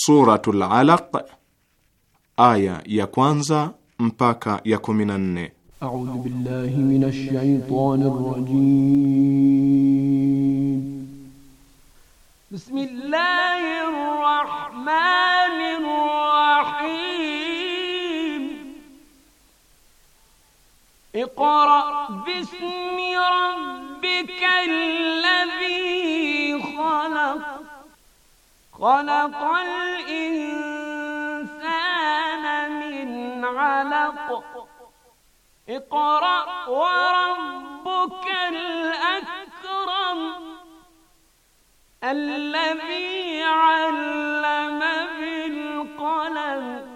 Suratul Alaq aya ya kwanza mpaka ya 14. A'udhu billahi minash shaitanir rajim. Bismillahir rahmanir rahim. Iqra bismi rabbikal ladhi خلق الإنسان من علق اقرأ وربك الأكرم الذي علم بالقلم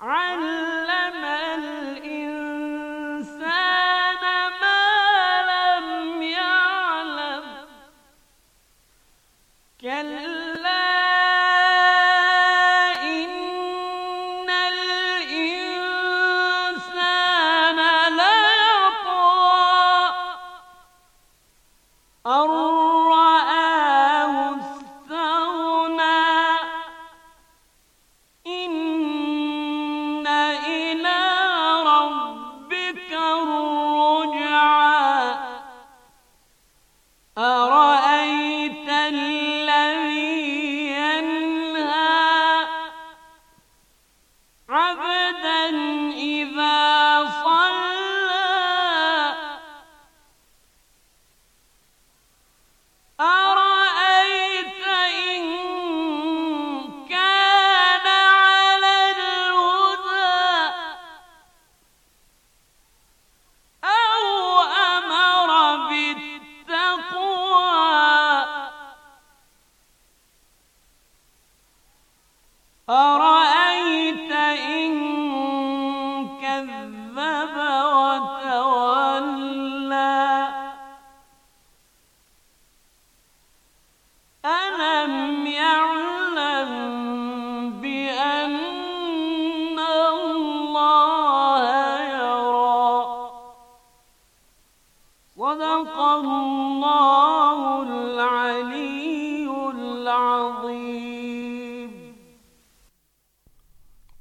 علم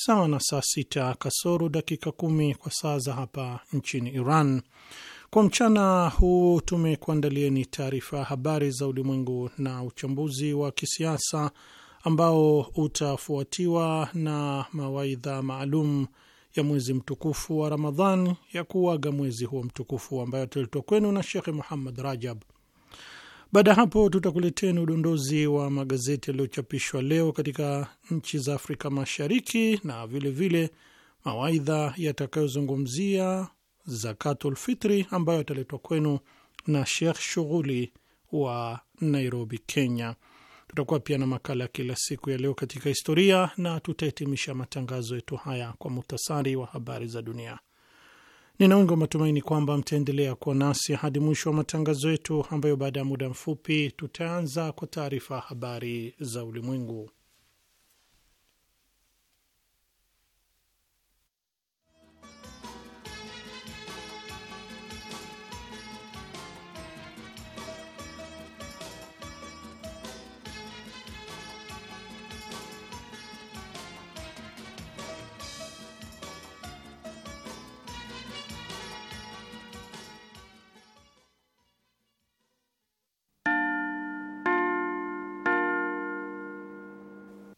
sawa na saa sita kasoro dakika kumi kwa saa za hapa nchini Iran. Kwa mchana huu tumekuandalieni taarifa ya habari za ulimwengu na uchambuzi wa kisiasa ambao utafuatiwa na mawaidha maalum ya mwezi mtukufu wa Ramadhan ya kuaga mwezi huo mtukufu ambayo ataletwa kwenu na Shekhe Muhammad Rajab. Baada ya hapo, tutakuleteni udondozi wa magazeti yaliyochapishwa leo katika nchi za Afrika Mashariki na vilevile mawaidha yatakayozungumzia zakatul fitri ambayo yataletwa kwenu na shekh Shughuli wa Nairobi, Kenya. Tutakuwa pia na makala ya kila siku ya leo katika historia na tutahitimisha matangazo yetu haya kwa muhtasari wa habari za dunia. Ninaunga matumaini kwamba mtaendelea kuwa nasi hadi mwisho wa matangazo yetu, ambayo baada ya muda mfupi tutaanza kwa taarifa habari za ulimwengu.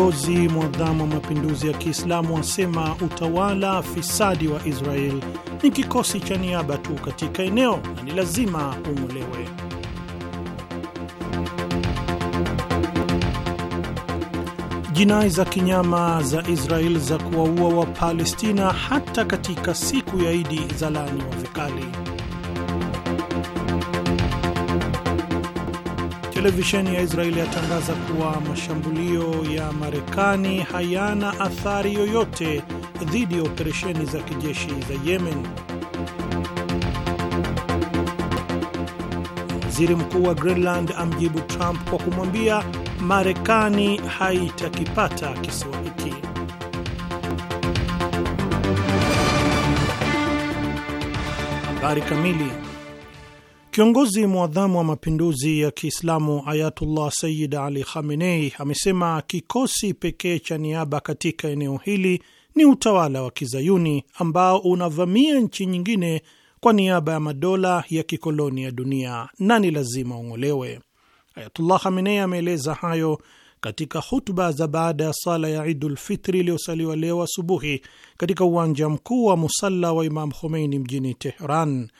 Kiongozi mwadhamu wa mapinduzi ya Kiislamu asema utawala fisadi wa Israel ni kikosi cha niaba tu katika eneo na ni lazima ung'olewe. Jinai za kinyama za Israel za kuwaua Wapalestina hata katika siku ya Idi za wa vikali. Televisheni ya Israeli yatangaza kuwa mashambulio ya Marekani hayana athari yoyote dhidi ya operesheni za kijeshi za Yemen. Waziri mkuu wa Greenland amjibu Trump kwa kumwambia Marekani haitakipata kisiwa hiki. Habari kamili Kiongozi mwadhamu wa mapinduzi ya Kiislamu Ayatullah Sayyid Ali Khamenei amesema kikosi pekee cha niaba katika eneo hili ni utawala wa kizayuni ambao unavamia nchi nyingine kwa niaba ya madola ya kikoloni ya dunia na ni lazima ung'olewe. Ayatullah Khamenei ameeleza hayo katika hutuba za baada ya sala ya Idul Fitri iliyosaliwa leo asubuhi katika uwanja mkuu wa musalla wa Imam Khomeini mjini Teheran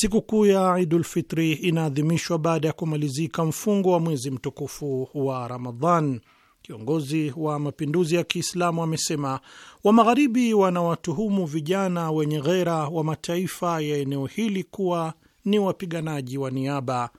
Sikukuu ya Idul Fitri inaadhimishwa baada ya kumalizika mfungo wa mwezi mtukufu wa Ramadhan. Kiongozi wa mapinduzi ya Kiislamu amesema wa Magharibi wanawatuhumu vijana wenye ghera wa mataifa ya eneo hili kuwa ni wapiganaji wa niaba.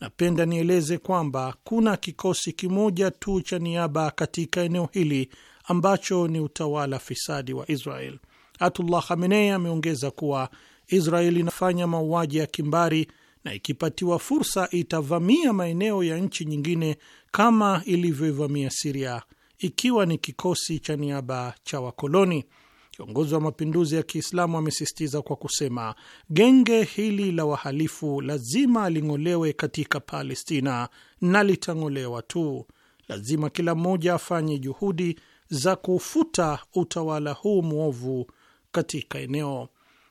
Napenda nieleze kwamba kuna kikosi kimoja tu cha niaba katika eneo hili ambacho ni utawala fisadi wa Israel. Atullah Khamenei ameongeza kuwa Israel inafanya mauaji ya kimbari na ikipatiwa fursa itavamia maeneo ya nchi nyingine kama ilivyoivamia Siria, ikiwa ni kikosi cha niaba cha wakoloni. Kiongozi wa mapinduzi ya Kiislamu amesisitiza kwa kusema, genge hili la wahalifu lazima ling'olewe katika Palestina na litang'olewa tu. Lazima kila mmoja afanye juhudi za kufuta utawala huu mwovu katika eneo.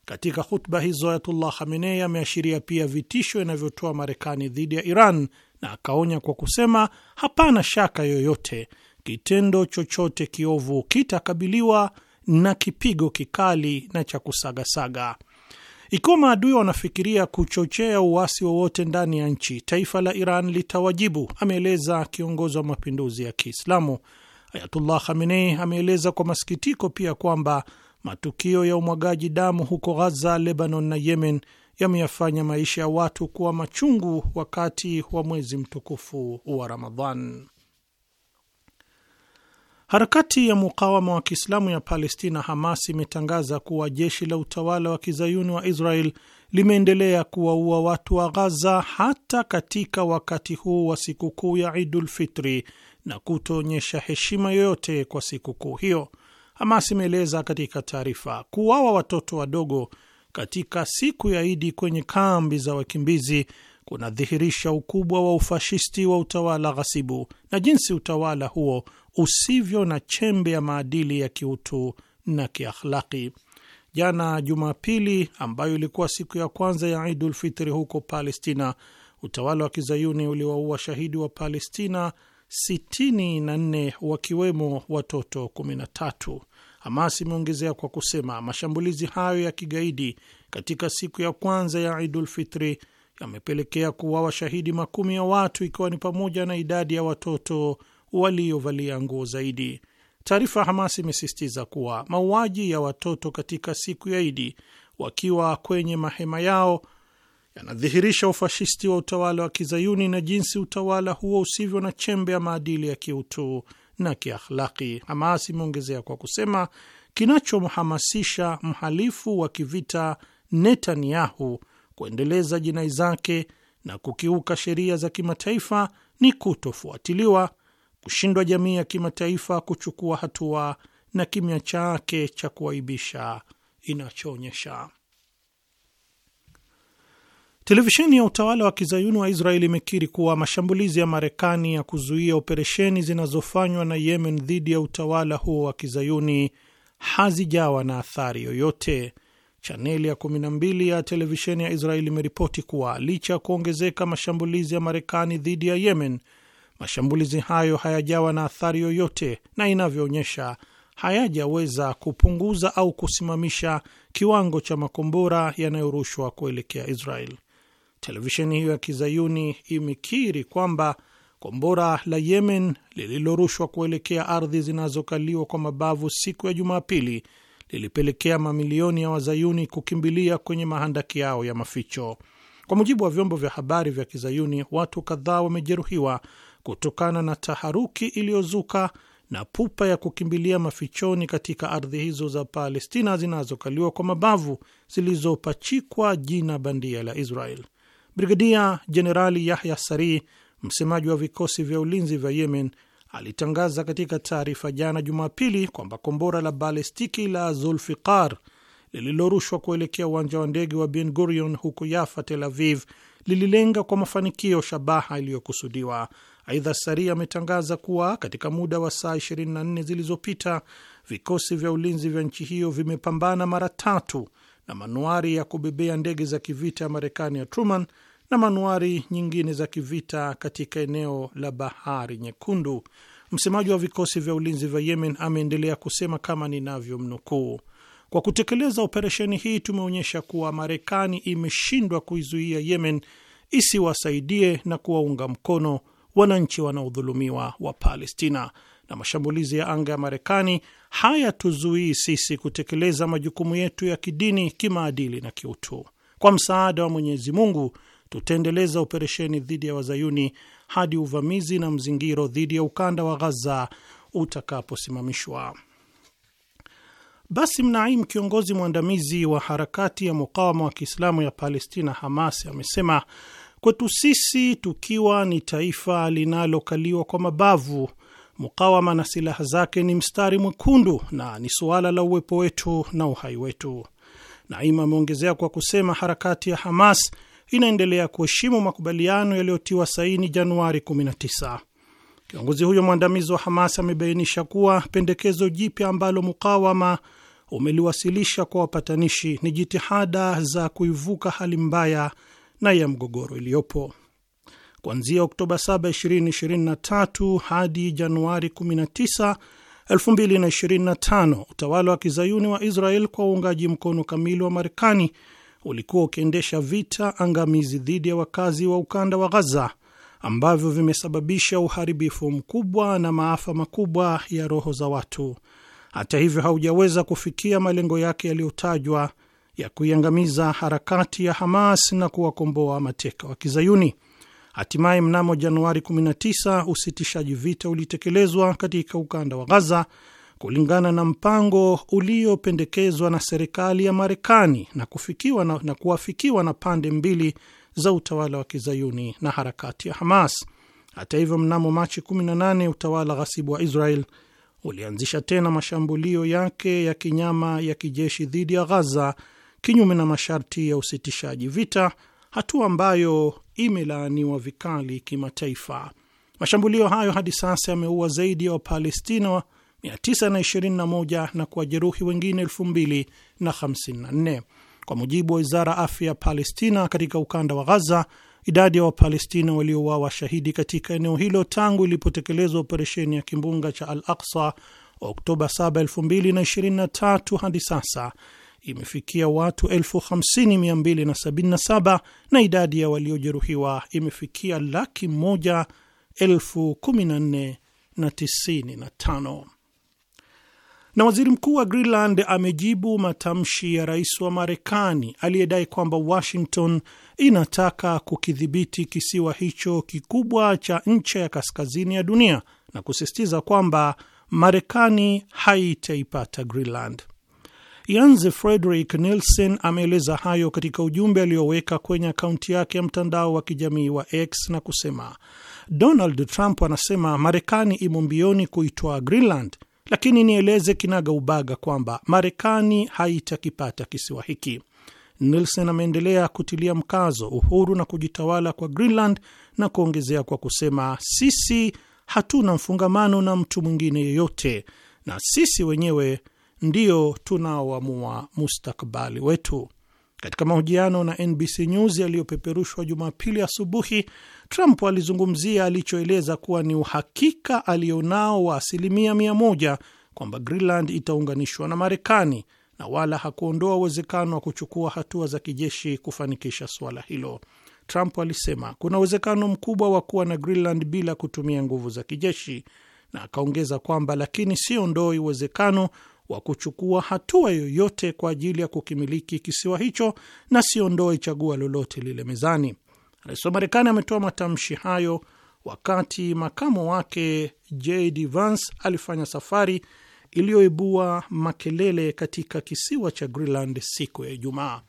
Katika hutuba hizo Ayatullah Khamenei ameashiria pia vitisho inavyotoa Marekani dhidi ya Iran na akaonya kwa kusema, hapana shaka yoyote kitendo chochote kiovu kitakabiliwa na kipigo kikali na cha kusagasaga. Ikiwa maadui wanafikiria kuchochea uasi wowote ndani ya nchi, taifa la Iran litawajibu, ameeleza kiongozi wa mapinduzi ya Kiislamu. Ayatullah Khamenei ameeleza kwa masikitiko pia kwamba matukio ya umwagaji damu huko Ghaza, Lebanon na Yemen yameyafanya maisha ya watu kuwa machungu wakati wa mwezi mtukufu wa Ramadhan. Harakati ya mukawama wa Kiislamu ya Palestina, Hamas, imetangaza kuwa jeshi la utawala wa kizayuni wa Israel limeendelea kuwaua watu wa Ghaza hata katika wakati huu wa sikukuu ya Idul Fitri na kutoonyesha heshima yoyote kwa sikukuu hiyo. Hamas imeeleza katika taarifa, kuwawa watoto wadogo katika siku ya Idi kwenye kambi za wakimbizi kunadhihirisha ukubwa wa ufashisti wa utawala ghasibu na jinsi utawala huo usivyo na chembe ya maadili ya kiutu na kiakhlaki. Jana Jumapili, ambayo ilikuwa siku ya kwanza ya Idul Fitri huko Palestina, utawala wa kizayuni uliwaua shahidi wa Palestina 64 wakiwemo watoto 13. Hamas imeongezea kwa kusema mashambulizi hayo ya kigaidi katika siku ya kwanza ya Idul Fitri yamepelekea kuwa washahidi makumi ya watu ikiwa ni pamoja na idadi ya watoto waliovalia nguo zaidi. Taarifa ya Hamas imesisitiza kuwa mauaji ya watoto katika siku ya Idi wakiwa kwenye mahema yao yanadhihirisha ufashisti wa utawala wa kizayuni na jinsi utawala huo usivyo na chembe ya maadili ya kiutu na kiakhlaki. Hamas imeongezea kwa kusema kinachomhamasisha mhalifu wa kivita Netanyahu kuendeleza jinai zake na kukiuka sheria za kimataifa ni kutofuatiliwa, kushindwa jamii ya kimataifa kuchukua hatua na kimya chake cha kuaibisha inachoonyesha. Televisheni ya utawala wa kizayuni wa Israeli imekiri kuwa mashambulizi ya Marekani ya kuzuia operesheni zinazofanywa na Yemen dhidi ya utawala huo wa kizayuni hazijawa na athari yoyote. Chaneli ya 12 ya televisheni ya Israeli imeripoti kuwa licha ya kuongezeka mashambulizi ya Marekani dhidi ya Yemen, mashambulizi hayo hayajawa na athari yoyote, na inavyoonyesha hayajaweza kupunguza au kusimamisha kiwango cha makombora yanayorushwa kuelekea Israeli. Televisheni hiyo ya kizayuni imekiri kwamba kombora la Yemen lililorushwa kuelekea ardhi zinazokaliwa kwa mabavu siku ya Jumapili lilipelekea mamilioni ya wazayuni kukimbilia kwenye mahandaki yao ya maficho. Kwa mujibu wa vyombo vya habari vya kizayuni, watu kadhaa wamejeruhiwa kutokana na taharuki iliyozuka na pupa ya kukimbilia mafichoni katika ardhi hizo za Palestina zinazokaliwa kwa mabavu zilizopachikwa jina bandia la Israel. Brigadia Jenerali Yahya Sari, msemaji wa vikosi vya ulinzi vya Yemen, alitangaza katika taarifa jana Jumapili kwamba kombora la balestiki la Zulfiqar lililorushwa kuelekea uwanja wa ndege wa Ben Gurion huko Yafa, Tel Aviv, lililenga kwa mafanikio shabaha iliyokusudiwa. Aidha, Sari ametangaza kuwa katika muda wa saa 24 zilizopita vikosi vya ulinzi vya nchi hiyo vimepambana mara tatu na manuari ya kubebea ndege za kivita ya Marekani ya Truman na manuari nyingine za kivita katika eneo la Bahari Nyekundu. Msemaji wa vikosi vya ulinzi vya Yemen ameendelea kusema kama ninavyomnukuu, kwa kutekeleza operesheni hii tumeonyesha kuwa Marekani imeshindwa kuizuia Yemen isiwasaidie na kuwaunga mkono wananchi wanaodhulumiwa wa Palestina, na mashambulizi ya anga ya Marekani hayatuzuii sisi kutekeleza majukumu yetu ya kidini, kimaadili na kiutu. Kwa msaada wa Mwenyezi Mungu tutaendeleza operesheni dhidi ya wazayuni hadi uvamizi na mzingiro dhidi ya ukanda wa Ghaza utakaposimamishwa. Basim Naim, kiongozi mwandamizi wa harakati ya mukawama wa Kiislamu ya Palestina, Hamas, amesema kwetu sisi, tukiwa ni taifa linalokaliwa kwa mabavu, mukawama na silaha zake ni mstari mwekundu na ni suala la uwepo wetu na uhai wetu. Naim ameongezea kwa kusema harakati ya Hamas inaendelea kuheshimu makubaliano yaliyotiwa saini Januari 19. Kiongozi huyo mwandamizi wa Hamas amebainisha kuwa pendekezo jipya ambalo mukawama umeliwasilisha kwa wapatanishi ni jitihada za kuivuka hali mbaya na ya mgogoro iliyopo. Kuanzia Oktoba 7, 2023 hadi Januari 19, 2025 utawala wa kizayuni wa Israel kwa uungaji mkono kamili wa Marekani ulikuwa ukiendesha vita angamizi dhidi ya wakazi wa ukanda wa Ghaza ambavyo vimesababisha uharibifu mkubwa na maafa makubwa ya roho za watu. Hata hivyo, haujaweza kufikia malengo yake yaliyotajwa ya kuiangamiza harakati ya Hamas na kuwakomboa mateka wa Kizayuni. Hatimaye mnamo Januari 19 usitishaji vita ulitekelezwa katika ukanda wa Ghaza kulingana na mpango uliopendekezwa na serikali ya Marekani na kufikiwa na, na kuafikiwa na pande mbili za utawala wa kizayuni na harakati ya Hamas. Hata hivyo, mnamo Machi 18 utawala ghasibu wa Israel ulianzisha tena mashambulio yake ya kinyama ya kijeshi dhidi ya Ghaza kinyume na masharti ya usitishaji vita, hatua ambayo imelaaniwa vikali kimataifa. Mashambulio hayo hadi sasa yameua zaidi ya Wapalestina 921 na kuwajeruhi wengine 2054. Kwa mujibu wa wizara afya ya Palestina, katika ukanda wa Ghaza, idadi ya Wapalestina waliouawa shahidi katika eneo hilo tangu ilipotekelezwa operesheni ya kimbunga cha Al Aksa Oktoba 7, 2023 hadi sasa imefikia watu 50277 na idadi ya waliojeruhiwa imefikia laki moja elfu kumi na nne na tisini na tano. Na waziri mkuu wa Greenland amejibu matamshi ya rais wa Marekani aliyedai kwamba Washington inataka kukidhibiti kisiwa hicho kikubwa cha ncha ya kaskazini ya dunia na kusisitiza kwamba Marekani haitaipata Greenland. Jens Frederick Nielsen ameeleza hayo katika ujumbe aliyoweka kwenye akaunti yake ya mtandao wa kijamii wa X na kusema, Donald Trump anasema Marekani imo mbioni kuitwaa Greenland lakini nieleze kinaga ubaga kwamba Marekani haitakipata kisiwa hiki. Nielsen ameendelea kutilia mkazo uhuru na kujitawala kwa Greenland na kuongezea kwa kusema, sisi hatuna mfungamano na mtu mwingine yeyote, na sisi wenyewe ndio tunaoamua mustakabali wetu. Katika mahojiano na NBC News yaliyopeperushwa Jumapili asubuhi, Trump alizungumzia alichoeleza kuwa ni uhakika alionao wa asilimia mia moja kwamba Greenland itaunganishwa na Marekani na wala hakuondoa uwezekano wa kuchukua hatua za kijeshi kufanikisha suala hilo. Trump alisema kuna uwezekano mkubwa wa kuwa na Greenland bila kutumia nguvu za kijeshi, na akaongeza kwamba lakini siondoi uwezekano wa kuchukua hatua yoyote kwa ajili ya kukimiliki kisiwa hicho na siondoe chagua lolote lile mezani. Rais wa Marekani ametoa matamshi hayo wakati makamo wake JD Vance alifanya safari iliyoibua makelele katika kisiwa cha Greenland siku ya Ijumaa.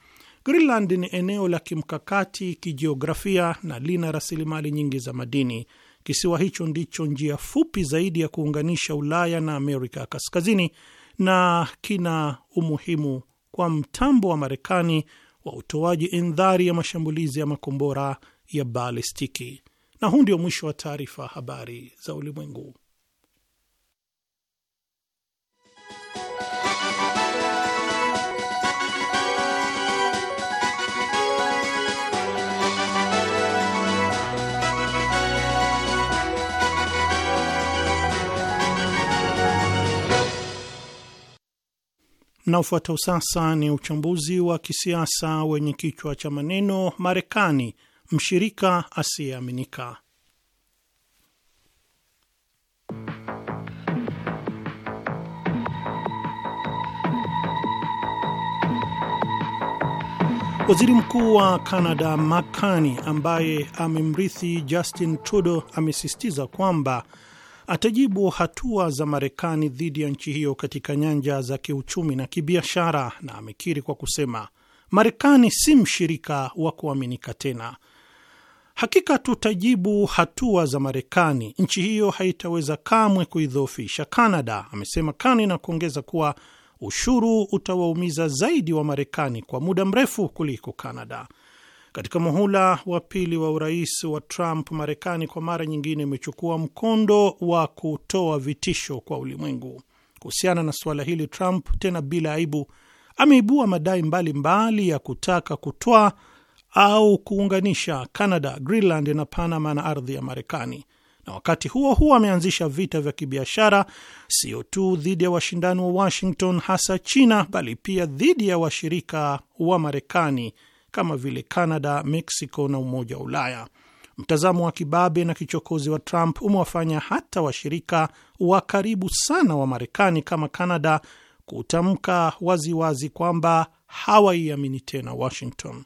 Greenland ni eneo la kimkakati kijiografia na lina rasilimali nyingi za madini. Kisiwa hicho ndicho njia fupi zaidi ya kuunganisha Ulaya na Amerika ya Kaskazini na kina umuhimu kwa mtambo wa Marekani wa utoaji indhari ya mashambulizi ya makombora ya balistiki. Na huu ndio mwisho wa taarifa habari za ulimwengu. Mnaofuata sasa ni uchambuzi wa kisiasa wenye kichwa cha maneno Marekani mshirika asiyeaminika. Waziri Mkuu wa canada Mark Carney ambaye amemrithi Justin Trudeau amesisitiza kwamba atajibu hatua za Marekani dhidi ya nchi hiyo katika nyanja za kiuchumi na kibiashara, na amekiri kwa kusema Marekani si mshirika wa kuaminika tena. Hakika tutajibu hatua za Marekani. Nchi hiyo haitaweza kamwe kuidhoofisha Kanada, amesema Kani na kuongeza kuwa ushuru utawaumiza zaidi wa Marekani kwa muda mrefu kuliko Kanada katika muhula wa pili wa urais wa Trump, Marekani kwa mara nyingine imechukua mkondo wa kutoa vitisho kwa ulimwengu kuhusiana na suala hili. Trump tena bila aibu ameibua madai mbalimbali mbali ya kutaka kutwa au kuunganisha Canada, Greenland na Panama na ardhi ya Marekani, na wakati huo huo ameanzisha vita vya kibiashara sio tu dhidi ya washindani wa Washington, hasa China, bali pia dhidi ya washirika wa Marekani kama vile Canada, Mexico na Umoja wa Ulaya. Mtazamo wa kibabe na kichokozi wa Trump umewafanya hata washirika wa karibu sana wa Marekani kama Canada kutamka waziwazi kwamba hawaiamini tena Washington.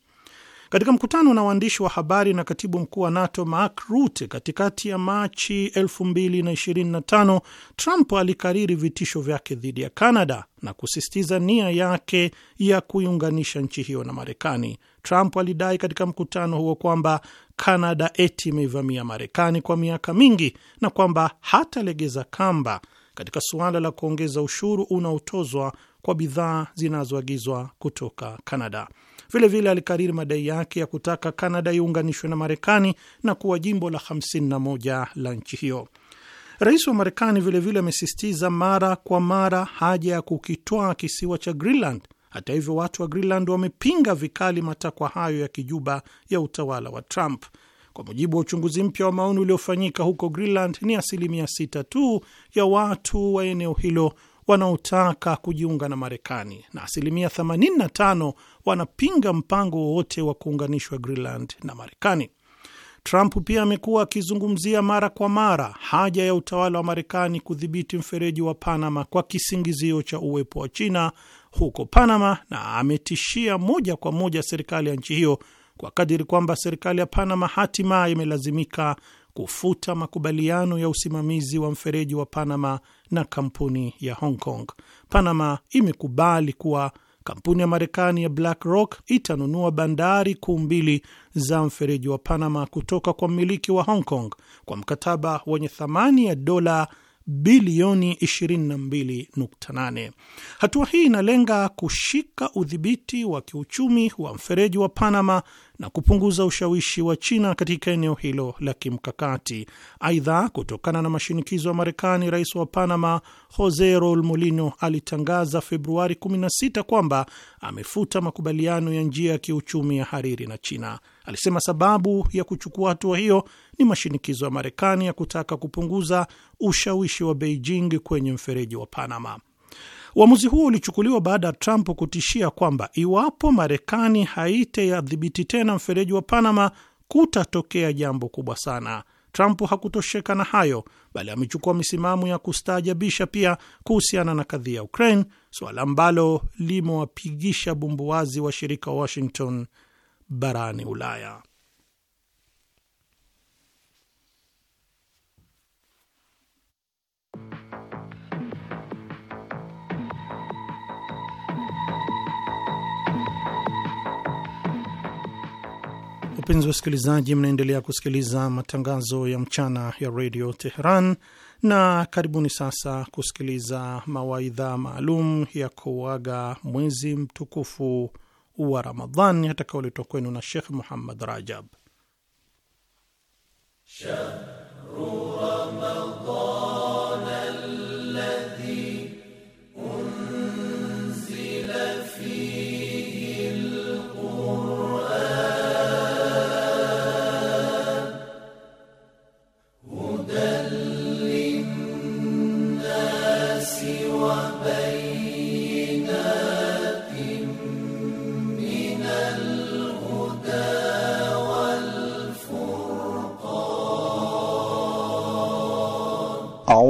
Katika mkutano na waandishi wa habari na katibu mkuu wa NATO Mark Rutte katikati ya Machi 2025, Trump alikariri vitisho vyake dhidi ya Canada na kusisitiza nia yake ya kuiunganisha nchi hiyo na Marekani. Trump alidai katika mkutano huo kwamba Kanada eti imeivamia Marekani kwa miaka mingi na kwamba hatalegeza kamba katika suala la kuongeza ushuru unaotozwa kwa bidhaa zinazoagizwa kutoka Kanada. Vilevile vile alikariri madai yake ya kutaka Kanada iunganishwe na Marekani na kuwa jimbo la 51 la nchi hiyo. Rais wa Marekani vilevile amesisitiza mara kwa mara haja ya kukitwaa kisiwa cha Greenland hata hivyo, watu wa Greenland wamepinga vikali matakwa hayo ya kijuba ya utawala wa Trump. Kwa mujibu wa uchunguzi mpya wa maoni uliofanyika huko Greenland, ni asilimia sita tu ya watu wa eneo hilo wanaotaka kujiunga na Marekani na asilimia 85 wanapinga mpango wowote wa kuunganishwa Greenland na Marekani. Trump pia amekuwa akizungumzia mara kwa mara haja ya utawala wa Marekani kudhibiti mfereji wa Panama kwa kisingizio cha uwepo wa China huko Panama na ametishia moja kwa moja serikali ya nchi hiyo kwa kadiri kwamba serikali ya Panama hatimaye imelazimika kufuta makubaliano ya usimamizi wa mfereji wa Panama na kampuni ya Hong Kong. Panama imekubali kuwa kampuni ya Marekani ya BlackRock itanunua bandari kuu mbili za mfereji wa Panama kutoka kwa mmiliki wa Hong Kong kwa mkataba wenye thamani ya dola bilioni 22.8. Hatua hii inalenga kushika udhibiti wa kiuchumi wa mfereji wa Panama na kupunguza ushawishi wa China katika eneo hilo la kimkakati. Aidha, kutokana na mashinikizo ya Marekani, rais wa Panama Jose Raul Mulino alitangaza Februari 16 kwamba amefuta makubaliano ya njia ya kiuchumi ya Hariri na China. Alisema sababu ya kuchukua hatua hiyo ni mashinikizo ya Marekani ya kutaka kupunguza ushawishi wa Beijing kwenye mfereji wa Panama. Uamuzi huo ulichukuliwa baada ya Trump kutishia kwamba iwapo Marekani haitayadhibiti tena mfereji wa Panama kutatokea jambo kubwa sana. Trump hakutosheka na hayo, bali amechukua misimamo ya kustaajabisha pia kuhusiana na kadhia ya Ukraine, suala ambalo limewapigisha bumbuwazi washirika wa Washington barani Ulaya. Wapenzi wasikilizaji, mnaendelea kusikiliza matangazo ya mchana ya redio Teheran, na karibuni sasa kusikiliza mawaidha maalum ya kuaga mwezi mtukufu wa Ramadhan atakaoletwa kwenu na Shekh Muhammad Rajab Shab.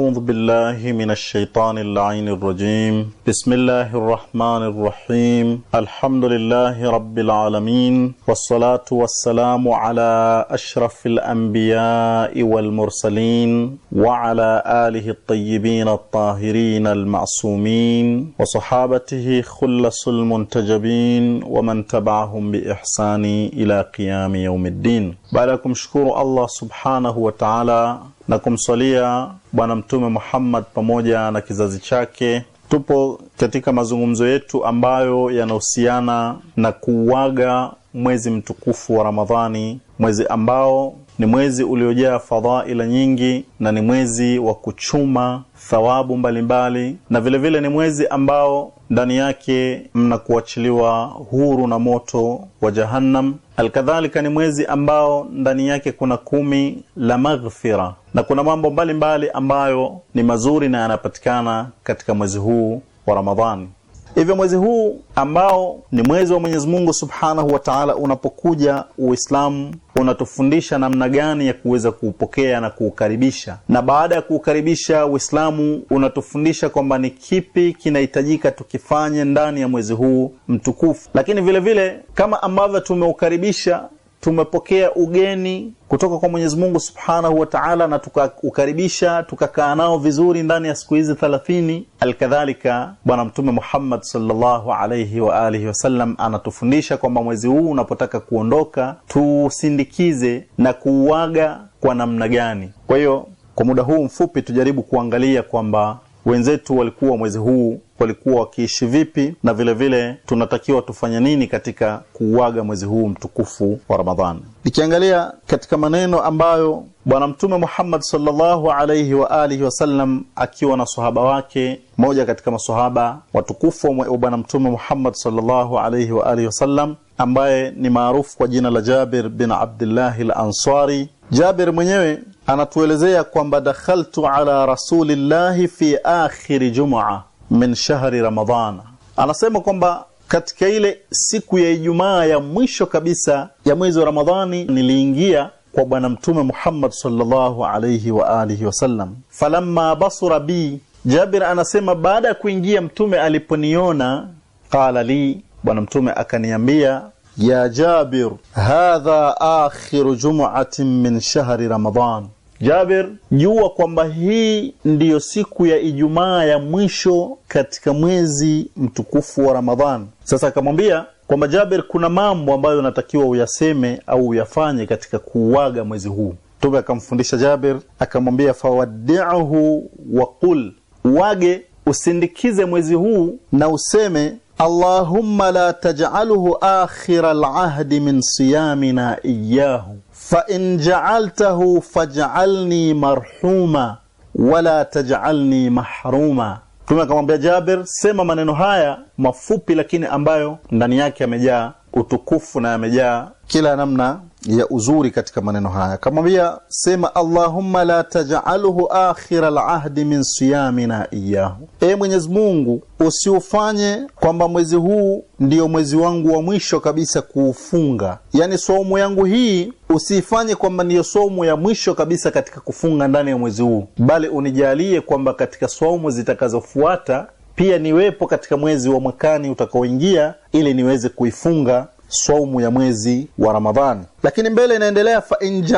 أعوذ بالله من الشيطان اللعين الرجيم بسم الله الرحمن الرحيم الحمد لله رب العالمين والصلاة والسلام على أشرف الأنبياء والمرسلين وعلى آله الطيبين الطاهرين المعصومين وصحابته خلص المنتجبين ومن تبعهم بإحسان إلى قيام يوم الدين بعدكم شكور الله سبحانه وتعالى نكم صليا bwana محمد muhammad نكزازي شاكي tupo katika mazungumzo yetu ambayo yanahusiana na kuuaga mwezi mtukufu wa Ramadhani, mwezi ambao ni mwezi uliojaa fadhaila nyingi na ni mwezi wa kuchuma thawabu mbalimbali mbali, na vilevile vile ni mwezi ambao ndani yake mna kuachiliwa huru na moto wa Jahannam Alkadhalika ni mwezi ambao ndani yake kuna kumi la maghfira, na kuna mambo mbalimbali mbali ambayo ni mazuri na yanapatikana katika mwezi huu wa Ramadhani. Hivyo mwezi huu ambao ni mwezi wa Mwenyezi Mungu Subhanahu wa Ta'ala, unapokuja Uislamu unatufundisha namna gani ya kuweza kuupokea na kuukaribisha, na baada ya kuukaribisha Uislamu unatufundisha kwamba ni kipi kinahitajika tukifanye ndani ya mwezi huu mtukufu. Lakini vile vile kama ambavyo tumeukaribisha tumepokea ugeni kutoka kwa Mwenyezi Mungu Subhanahu wa Ta'ala, na tukaukaribisha tukakaa nao vizuri ndani ya siku hizi thelathini. Alkadhalika, Bwana Mtume Muhammad sallallahu alayhi wa alihi wasallam anatufundisha kwamba mwezi huu unapotaka kuondoka tuusindikize na kuuaga kwa namna gani. Kwa hiyo kwa muda huu mfupi tujaribu kuangalia kwamba wenzetu walikuwa mwezi huu walikuwa wakiishi vipi, na vile vile tunatakiwa tufanye nini katika kuuaga mwezi huu mtukufu wa Ramadhani. Nikiangalia katika maneno ambayo Bwana Mtume Muhammad salllahu alaihi wa alihi wasallam akiwa na sahaba wake, moja katika masahaba watukufu wa Bwana Mtume Muhammad salllahu alaihi wa alihi wasallam ambaye ni maarufu kwa jina la Jabir bin Abdillahi lansari ansari Jabir mwenyewe anatuelezea kwamba dakhaltu ala rasulillahi fi akhiri jumua min shahri Ramadhana, anasema kwamba katika ile siku ya Ijumaa ya mwisho kabisa ya mwezi wa Ramadhani niliingia kwa Bwana Mtume Muhammad sallallahu alayhi wa alihi wasallam. Falamma basura bi, Jabir anasema baada ya kuingia Mtume aliponiona, qala li Bwana Mtume akaniambia, ya Jabir, hadha akhiru jumuatin min shahri Ramadan. Jabir, jua kwamba hii ndiyo siku ya Ijumaa ya mwisho katika mwezi mtukufu wa Ramadhan. Sasa akamwambia kwamba Jabir, kuna mambo ambayo unatakiwa uyaseme au uyafanye katika kuuaga mwezi huu. Mtume akamfundisha Jabir, akamwambia fawaddi'uhu wa qul, uage usindikize mwezi huu na useme allahumma la taj'alhu akhira al'ahdi min siyamina iyahu fain jacaltahu fajcalni marhuma wala taj'alni mahruma Mtume akamwambia Jabir, sema maneno haya mafupi, lakini ambayo ndani yake yamejaa utukufu na yamejaa kila namna ya uzuri katika maneno haya akamwambia sema allahumma la tajaluhu akhira lahdi min siyamina iyahu e mwenyezi mungu usiufanye kwamba mwezi huu ndiyo mwezi wangu wa mwisho kabisa kuufunga yani somo yangu hii usiifanye kwamba ndiyo somu ya mwisho kabisa katika kufunga ndani ya mwezi huu bali unijalie kwamba katika somu zitakazofuata pia niwepo katika mwezi wa mwakani utakaoingia ili niweze kuifunga saumu ya mwezi wa Ramadhani. Lakini mbele inaendelea, fa in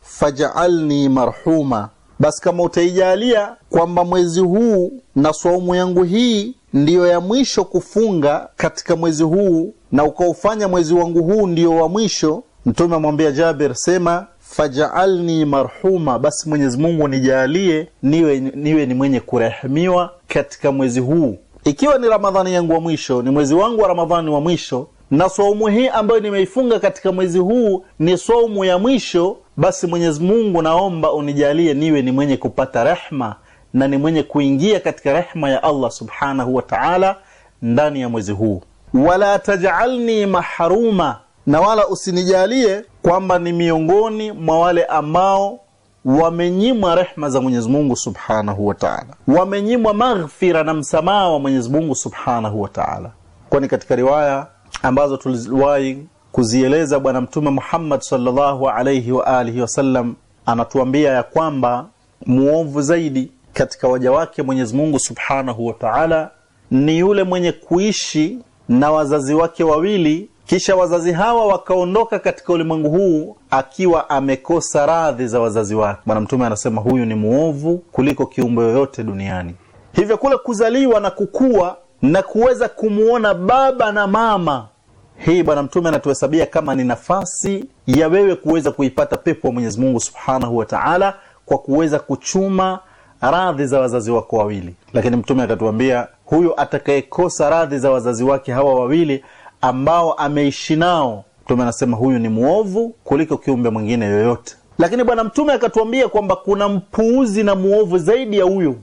fajaalni marhuma, basi kama utaijalia kwamba mwezi huu na saumu yangu hii ndiyo ya mwisho kufunga katika mwezi huu na ukaufanya mwezi wangu huu ndiyo wa mwisho, Mtume amwambia Jabir, sema fajaalni marhuma, basi Mwenyezi Mungu nijalie niwe, niwe ni mwenye kurehemiwa katika mwezi huu, ikiwa ni Ramadhani yangu wa mwisho, ni mwezi wangu wa Ramadhani wa mwisho, na saumu hii ambayo nimeifunga katika mwezi huu ni saumu ya mwisho, basi Mwenyezi Mungu naomba unijalie niwe ni mwenye kupata rehma na ni mwenye kuingia katika rehma ya Allah subhanahu wa ta'ala ndani ya mwezi huu. Wala tajalni mahruma, na wala usinijalie kwamba ni miongoni mwa wale ambao wamenyimwa rehma za Mwenyezi Mungu subhanahu wa ta'ala, wamenyimwa maghfira na msamaha wa Mwenyezi Mungu subhanahu wa ta'ala, kwani katika riwaya ambazo tuliwahi kuzieleza bwana mtume Muhammad sallallahu alayhi wa alihi wasallam anatuambia ya kwamba muovu zaidi katika waja wake Mwenyezi Mungu Subhanahu wa Ta'ala ni yule mwenye kuishi na wazazi wake wawili kisha wazazi hawa wakaondoka katika ulimwengu huu akiwa amekosa radhi za wazazi wake. Bwana Mtume anasema huyu ni muovu kuliko kiumbe yoyote duniani. Hivyo kule kuzaliwa na kukua na kuweza kumwona baba na mama. Hii Bwana Mtume anatuhesabia kama ni nafasi ya wewe kuweza kuipata pepo ya Mwenyezi Mungu Subhanahu wa Ta'ala kwa kuweza kuchuma radhi za wazazi wako wawili. Lakini Mtume akatuambia huyo atakayekosa radhi za wazazi wake hawa wawili ambao ameishi nao, Mtume anasema huyu ni mwovu kuliko kiumbe mwingine yoyote. Lakini Bwana Mtume akatuambia kwamba kuna mpuuzi na mwovu zaidi ya huyu,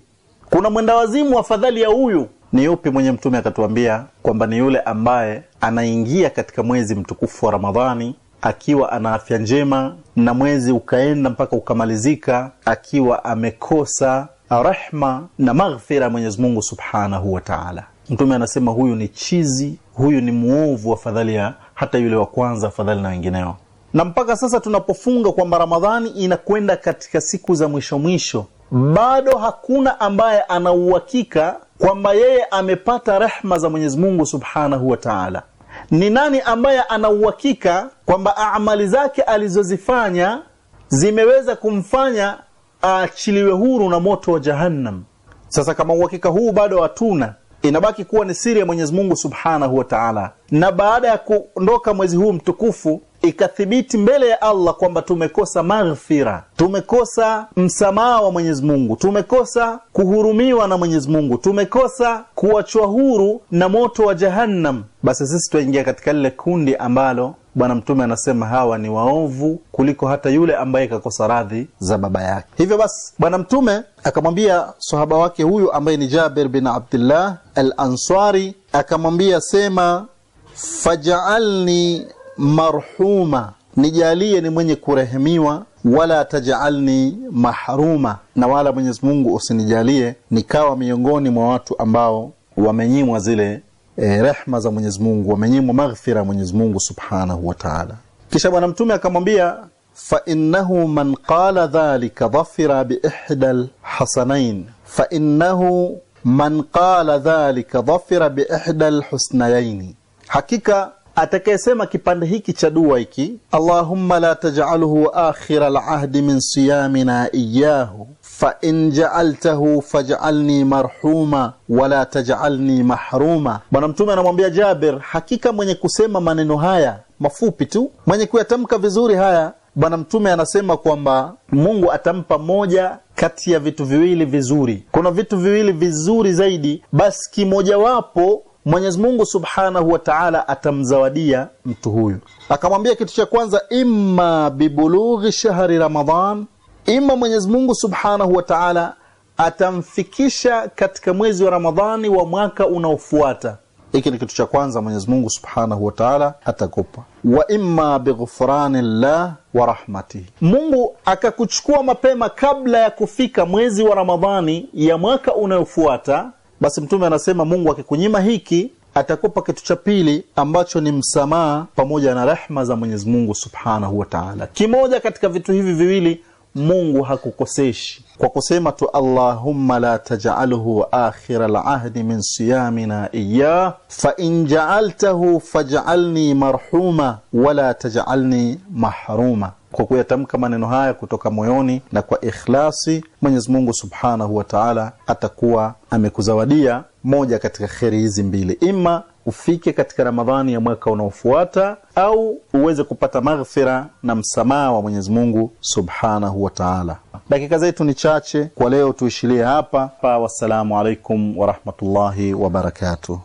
kuna mwendawazimu afadhali ya huyu ni yupi mwenye mtume akatuambia kwamba ni yule ambaye anaingia katika mwezi mtukufu wa ramadhani akiwa ana afya njema na mwezi ukaenda mpaka ukamalizika akiwa amekosa rehma na maghfira ya mwenyezi mungu subhanahu wa taala mtume anasema huyu ni chizi huyu ni mwovu fadhali ya hata yule wa kwanza afadhali na wengineo na mpaka sasa tunapofunga kwamba ramadhani inakwenda katika siku za mwisho mwisho bado hakuna ambaye ana uhakika kwamba yeye amepata rehma za Mwenyezi Mungu Subhanahu wa Ta'ala. Ni nani ambaye ana uhakika kwamba amali zake alizozifanya zimeweza kumfanya aachiliwe huru na moto wa Jahannam? Sasa kama uhakika huu bado hatuna, inabaki kuwa ni siri ya Mwenyezi Mungu Subhanahu wa Ta'ala na baada ya kuondoka mwezi huu mtukufu ikathibiti mbele ya Allah kwamba tumekosa maghfira, tumekosa msamaha wa Mwenyezi Mungu, tumekosa kuhurumiwa na Mwenyezi Mungu, tumekosa kuachwa huru na moto wa Jahannam, basi sisi twaingia katika lile kundi ambalo Bwana Mtume anasema hawa ni waovu kuliko hata yule ambaye kakosa radhi za baba yake. Hivyo basi, Bwana Mtume akamwambia sahaba wake huyu ambaye ni Jabir bin Abdullah al-Ansari, akamwambia sema faj'alni marhuma, nijalie ni mwenye kurehemiwa, wala tajalni mahruma, na wala Mwenyezi Mungu usinijalie nikawa miongoni mwa watu ambao wamenyimwa zile e, rehma za Mwenyezi Mungu, wamenyimwa maghfira ya Mwenyezi Mungu subhanahu wa taala. Kisha Bwana Mtume akamwambia fainnahu man qala dhalika dhafira biihda lhasanain fainnahu man qala dhalika dhafira biihda lhusnayaini hakika atakayesema kipande hiki cha dua hiki, allahumma la taj'alhu akhira lahdi min siyamina iyahu fa in ja'altahu faj'alni marhuma wala taj'alni mahruma. Bwana Mtume anamwambia Jabir, hakika mwenye kusema maneno haya mafupi tu, mwenye kuyatamka vizuri haya, Bwana Mtume anasema kwamba Mungu atampa moja kati ya vitu viwili vizuri. Kuna vitu viwili vizuri zaidi, basi kimojawapo Mwenyezi Mungu Subhanahu wa Ta'ala atamzawadia mtu huyu. Akamwambia kitu cha kwanza, imma bibulughi shahri Ramadhan, imma Mwenyezi Mungu Subhanahu wa Ta'ala atamfikisha katika mwezi wa Ramadhani wa mwaka unaofuata. Hiki ni kitu cha kwanza Mwenyezi Mungu Subhanahu wa Ta'ala atakupa. Wa imma bighufrani llah wa rahmatihi, Mungu akakuchukua mapema kabla ya kufika mwezi wa Ramadhani ya mwaka unaofuata basi mtume anasema mungu akikunyima hiki atakupa kitu cha pili ambacho ni msamaha pamoja na rehma za mwenyezi mungu subhanahu wa taala kimoja katika vitu hivi viwili mungu hakukoseshi kwa kusema tu allahumma la tajalhu akhira lahdi min siyamina iyah fain jaaltahu fajalni marhuma wala tajalni mahruma kwa kuyatamka maneno haya kutoka moyoni na kwa ikhlasi, Mwenyezi Mungu subhanahu wa taala atakuwa amekuzawadia moja katika kheri hizi mbili, ima ufike katika Ramadhani ya mwaka unaofuata au uweze kupata maghfira na msamaha wa Mwenyezi Mungu subhanahu wa taala. Dakika zetu ni chache kwa leo, tuishilie hapa pa. Wassalamu alaikum warahmatullahi wabarakatuh.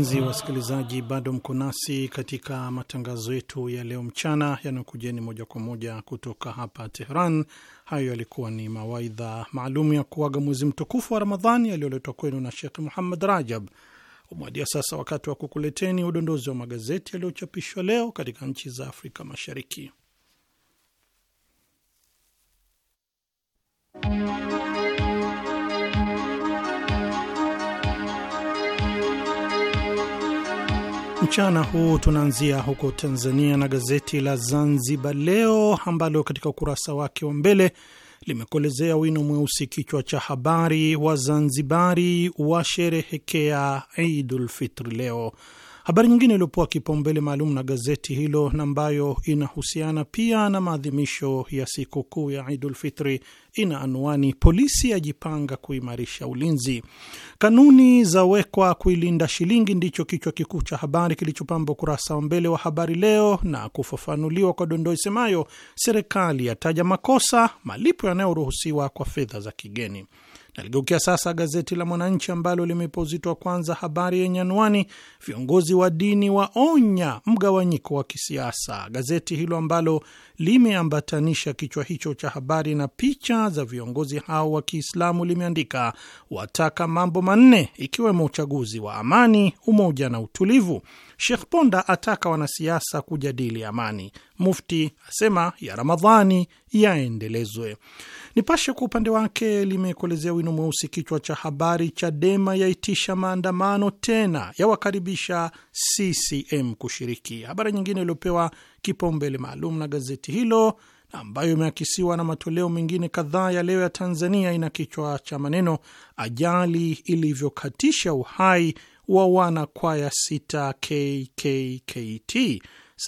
Wapenzi wasikilizaji, bado mko nasi katika matangazo yetu ya leo mchana, yanayokujeni moja kwa moja kutoka hapa Tehran. Hayo yalikuwa ni mawaidha maalum ya kuaga mwezi mtukufu wa Ramadhani yaliyoletwa kwenu na Shekh Muhammad Rajab. Umewadia sasa wakati wa kukuleteni udondozi wa magazeti yaliyochapishwa leo katika nchi za Afrika Mashariki. Mchana huu tunaanzia huko Tanzania na gazeti la Zanzibar Leo ambalo katika ukurasa wake wa mbele limekolezea wino mweusi kichwa cha habari, Wazanzibari washerehekea Idul Fitri leo. Habari nyingine iliyopewa kipaumbele maalum na gazeti hilo na ambayo inahusiana pia na maadhimisho ya sikukuu ya Idul Fitri ina anwani polisi yajipanga kuimarisha ulinzi, kanuni za wekwa kuilinda shilingi, ndicho kichwa kikuu cha habari kilichopamba ukurasa wa mbele wa Habari Leo na kufafanuliwa kwa dondoo isemayo serikali yataja makosa malipo yanayoruhusiwa kwa fedha za kigeni. Naligeukia sasa gazeti la Mwananchi ambalo limeipa uzito wa kwanza habari yenye anwani viongozi wa dini waonya mgawanyiko wa kisiasa. Gazeti hilo ambalo limeambatanisha kichwa hicho cha habari na picha za viongozi hao wa Kiislamu limeandika wataka mambo manne, ikiwemo uchaguzi wa amani, umoja na utulivu Sheikh Ponda ataka wanasiasa kujadili amani. Mufti asema ya Ramadhani yaendelezwe. Nipashe kwa upande wake limekuelezea wino mweusi kichwa cha habari, Chadema yaitisha maandamano tena, yawakaribisha CCM kushiriki. Habari nyingine iliyopewa kipaumbele maalum na gazeti hilo ambayo imeakisiwa na matoleo mengine kadhaa ya leo ya Tanzania ina kichwa cha maneno ajali ilivyokatisha uhai wa wanakwaya sita KKKT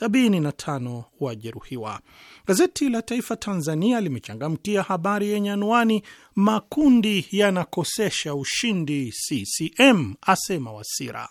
75 wajeruhiwa. Gazeti la Taifa Tanzania limechangamkia habari yenye anwani makundi yanakosesha ushindi CCM, asema Wasira.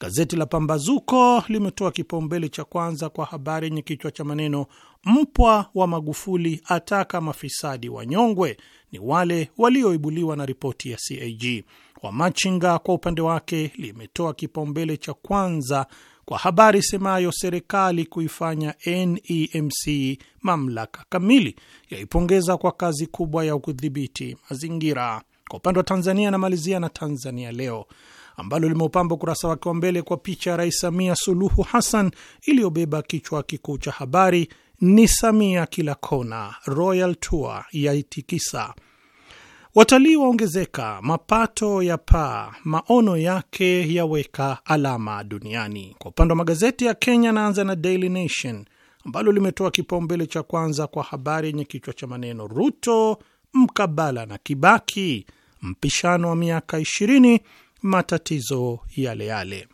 Gazeti la Pambazuko limetoa kipaumbele cha kwanza kwa habari yenye kichwa cha maneno mpwa wa Magufuli ataka mafisadi wanyongwe, ni wale walioibuliwa na ripoti ya CAG. Wamachinga kwa upande wake limetoa kipaumbele cha kwanza kwa habari semayo serikali kuifanya NEMC mamlaka kamili, yaipongeza kwa kazi kubwa ya kudhibiti mazingira. Kwa upande wa Tanzania, anamalizia na Tanzania Leo ambalo limeupamba ukurasa wake wa mbele kwa picha ya Rais Samia Suluhu Hassan iliyobeba kichwa kikuu cha habari ni Samia kila kona, Royal Tour yaitikisa Watalii waongezeka, mapato ya paa, maono yake yaweka alama duniani. Kwa upande wa magazeti ya Kenya, naanza na Daily Nation ambalo limetoa kipaumbele cha kwanza kwa habari yenye kichwa cha maneno Ruto mkabala na Kibaki, mpishano wa miaka 20 matatizo yale yale.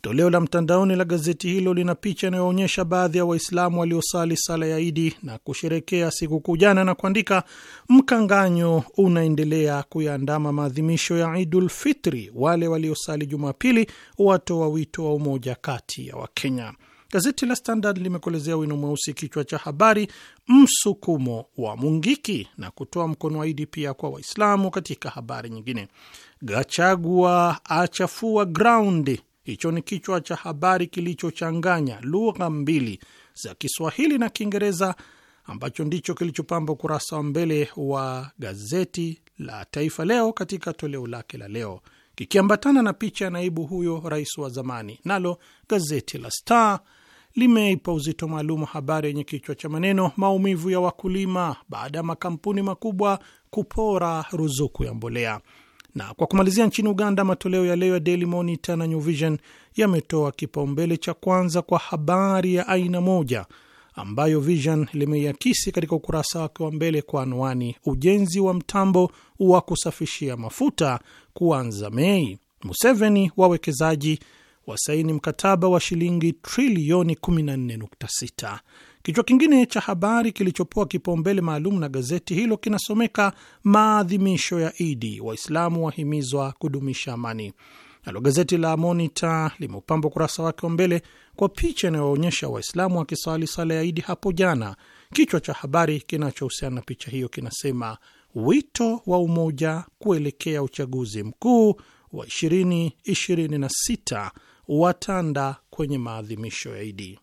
Toleo la mtandaoni la gazeti hilo lina picha inayoonyesha baadhi ya Waislamu waliosali sala ya Idi na kusherekea sikukuu jana na kuandika, mkanganyo unaendelea kuyaandama maadhimisho ya Idul Fitri, wale waliosali Jumapili watoa wito wa umoja kati ya Wakenya. Gazeti la Standard limekolezea wino mweusi kichwa cha habari, msukumo wa Mungiki, na kutoa mkono wa Idi pia kwa Waislamu. Katika habari nyingine, Gachagua achafua graundi Hicho ni kichwa cha habari kilichochanganya lugha mbili za Kiswahili na Kiingereza ambacho ndicho kilichopamba ukurasa wa mbele wa gazeti la Taifa Leo katika toleo lake la leo, kikiambatana na picha ya naibu huyo rais wa zamani. Nalo gazeti la Star limeipa uzito maalum habari yenye kichwa cha maneno maumivu ya wakulima baada ya makampuni makubwa kupora ruzuku ya mbolea. Na kwa kumalizia, nchini Uganda, matoleo ya leo ya Daily Monitor na New Vision yametoa kipaumbele cha kwanza kwa habari ya aina moja ambayo Vision limeiakisi katika ukurasa wake wa mbele kwa anwani, ujenzi wa mtambo wa kusafishia mafuta kuanza Mei, Museveni wawekezaji wasaini mkataba wa shilingi trilioni 14.6. Kichwa kingine cha habari kilichopoa kipaumbele maalum na gazeti hilo kinasomeka maadhimisho ya Idi, Waislamu wahimizwa kudumisha amani. Nalo gazeti la Monita limeupamba ukurasa wake wa mbele kwa picha inayoonyesha Waislamu wakisali sala ya Idi hapo jana. Kichwa cha habari kinachohusiana na picha hiyo kinasema wito wa umoja kuelekea uchaguzi mkuu wa 2026 watanda kwenye maadhimisho ya Idi.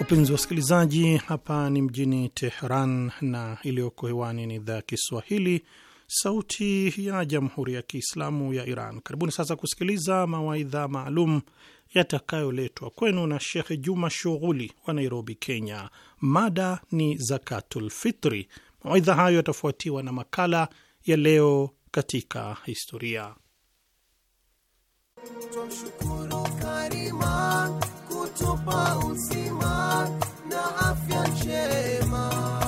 Wapenzi wasikilizaji, hapa ni mjini Teheran na iliyoko hewani ni idhaa ya Kiswahili, Sauti ya Jamhuri ya Kiislamu ya Iran. Karibuni sasa kusikiliza mawaidha maalum yatakayoletwa kwenu na shekhe Juma Shughuli wa Nairobi, Kenya. Mada ni zakatulfitri Mawaidha hayo yatafuatiwa na makala ya leo katika historia. Twamshukuru Karima kutupa uzima na afya njema.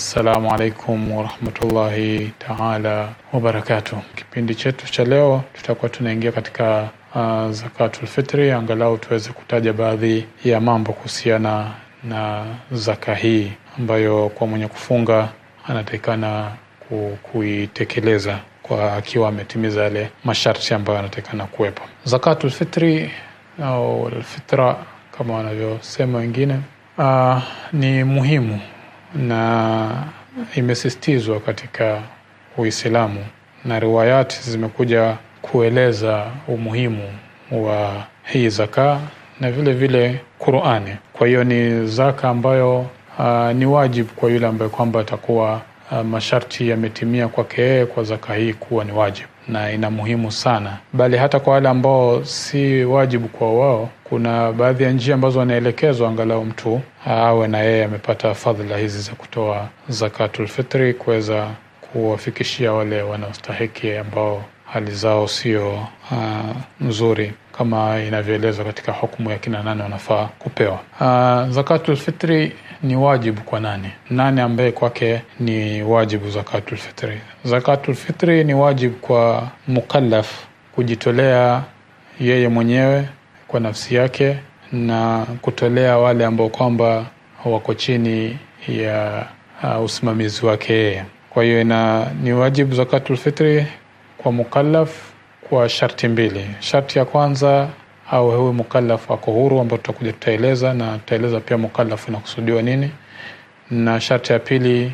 Assalamu alaikum warahmatullahi taala wabarakatu Kipindi chetu cha leo tutakuwa tunaingia katika uh, zakatul angalau tuweze kutaja baadhi ya mambo kuhusiana na zaka hii ambayo kwa mwenye kufunga anatakikana kuitekeleza kwa akiwa ametimiza yale masharti ambayo anatakikana kuwepo. zakatu lfitri au alfitra kama wanavyosema wengine, uh, ni muhimu na imesisitizwa katika Uislamu na riwayati zimekuja kueleza umuhimu wa hii zaka na vile vile Qur'ani. Kwa hiyo ni zaka ambayo uh, ni wajibu kwa yule ambaye kwamba atakuwa uh, masharti yametimia kwake kwa zaka hii kuwa ni wajibu na ina muhimu sana, bali hata kwa wale ambao si wajibu kwa wao, kuna baadhi ya njia ambazo wanaelekezwa angalau mtu ah, awe na yeye amepata fadhila hizi za kutoa zakatulfitri kuweza kuwafikishia wale wanaostahiki ambao hali zao sio uh, nzuri kama inavyoelezwa katika hukumu ya kina nane wanafaa kupewa uh, ah, zakatulfitri ni wajibu kwa nani? Nani ambaye kwake ni wajibu zakatulfitri? Zakatulfitri ni wajibu kwa mukallaf kujitolea yeye mwenyewe kwa nafsi yake na kutolea wale ambao kwamba wako chini ya uh, usimamizi wake yeye. Kwa hiyo ina ni wajibu zakatulfitri kwa mukallaf kwa sharti mbili. Sharti ya kwanza au huyu mukallaf ako huru, ambao tutakuja tutaeleza, na tutaeleza pia mukallaf inakusudiwa nini, na sharti ya pili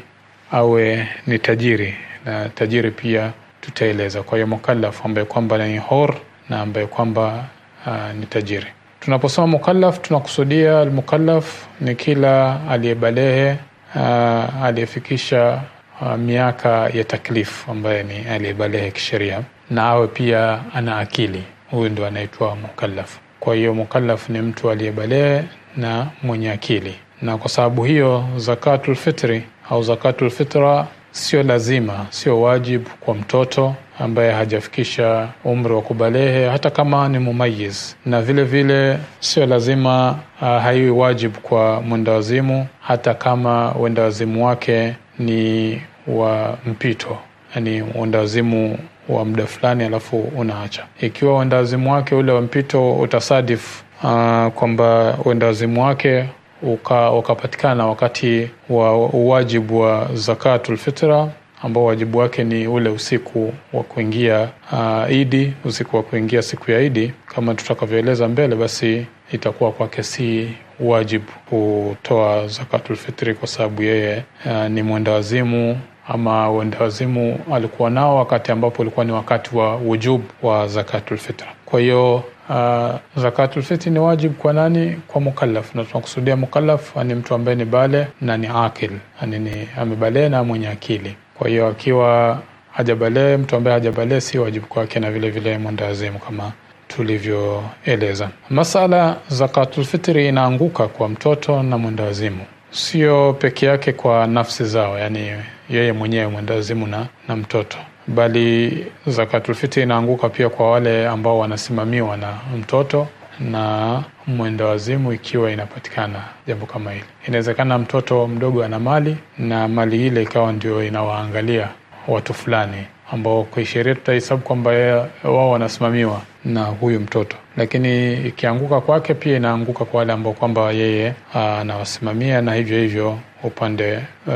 awe ni tajiri, na tajiri pia tutaeleza. Kwa hiyo mukallaf ambaye kwamba ni hor na ambaye kwamba ah, ni tajiri. Tunaposema mukallaf, tunakusudia almukallaf ni kila aliyebalehe, ah, aliyefikisha ah, miaka ya taklifu, ambaye ni aliyebalehe kisheria na awe pia ana akili huyu ndo anaitwa mukallaf. Kwa hiyo mukallaf ni mtu aliyebalehe na mwenye akili, na kwa sababu hiyo zakatulfitri au zakatulfitra fitra sio lazima, sio wajibu kwa mtoto ambaye hajafikisha umri wa kubalehe, hata kama ni mumayiz, na vile vile sio lazima uh, haiwi wajibu kwa mwendawazimu, hata kama wendawazimu wake ni wa mpito, yani mwendawazimu wa muda fulani, alafu unaacha. Ikiwa uendawazimu wake ule wa mpito utasadif uh, kwamba uendawazimu wake ukapatikana uka wakati wa uwajibu wa zakatulfitra ambao wajibu wake ni ule usiku wa kuingia uh, Idi, usiku wa kuingia siku ya Idi, kama tutakavyoeleza mbele, basi itakuwa kwake si wajibu kutoa zakatulfitri kwa sababu yeye uh, ni mwendawazimu ama wenda wazimu alikuwa nao wakati ambapo ulikuwa ni wakati wa wujub wa zakatulfitra. Kwa hiyo uh, zakatulfitri ni wajibu kwa nani? Kwa mukallaf, na tunakusudia mukallaf ni mtu ambaye ni bale na ni akil, ani ni amebalee na mwenye akili. Kwa hiyo akiwa hajabalee, mtu ambaye hajabalee si wajibu kwake, na vile vile mwenda wazimu kama tulivyoeleza. Masala zakatulfitri inaanguka kwa mtoto na mwenda wazimu, sio peke yake kwa nafsi zao, yani yeye mwenyewe mwendawazimu na, na mtoto bali zakatulfiti inaanguka pia kwa wale ambao wanasimamiwa na mtoto na mwenda wazimu ikiwa inapatikana jambo kama hili. Inawezekana mtoto mdogo ana mali na mali ile ikawa ndio inawaangalia watu fulani ambao kisheria tutahesabu kwamba wao wanasimamiwa na huyu mtoto, lakini ikianguka kwake pia inaanguka kwa wale ambao kwamba yeye anawasimamia na hivyo hivyo upande uh,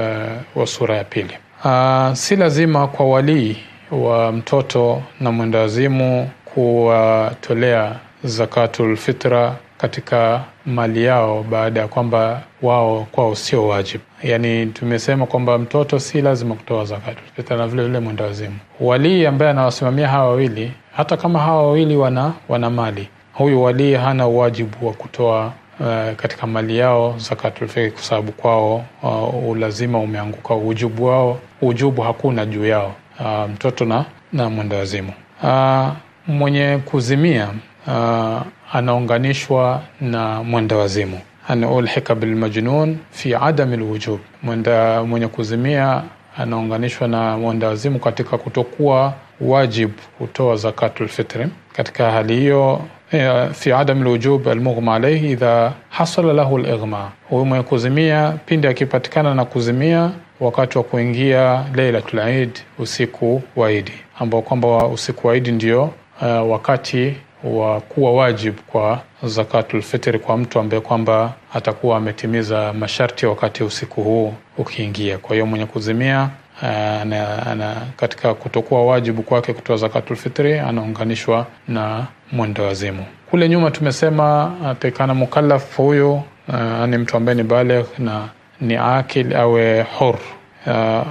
wa sura ya pili. Uh, si lazima kwa walii wa mtoto na mwendawazimu kuwatolea zakatul fitra katika mali yao baada ya kwamba wao kwao sio wajibu. yani tumesema kwamba mtoto si lazima kutoa zakatul fitra na vile vile mwendawazimu. Walii ambaye anawasimamia hawa wawili, hata kama hawa wawili wana wana mali, huyu walii hana uwajibu wa kutoa Eh, katika mali yao zakatul fitri, kwa sababu kwao uh, ulazima umeanguka, ujubu wao ujubu hakuna juu yao, uh, mtoto na, na mwenda wazimu uh, mwenye kuzimia uh, anaunganishwa na mwenda wazimu an ulhika bilmajnun fi adami lwujub, mwenda mwenye kuzimia anaunganishwa na mwenda wazimu katika kutokuwa wajib kutoa zakatul fitri. Katika hali hiyo Eh, fi adam lujub almughma alayhi idha hasala lahu alighma, huyu mwenye kuzimia pindi akipatikana na kuzimia wakati wa kuingia lailatul Eid, usiku wa Idi, ambao kwamba usiku wa Idi ndio uh, wakati wa kuwa wajib kwa zakatul kwa mtu ambaye kwamba atakuwa ametimiza masharti wakati usiku huu ukiingia. Kwa hiyo mwenye kuzimia Eh, ana, ana, katika kutokuwa wajibu kwake kutoa zakatul fitri anaunganishwa na mwenda wazimu. Kule nyuma tumesema pekana eh, mukallaf uh, ni mtu ambaye ni baligh na ni akil awe hur. Uh,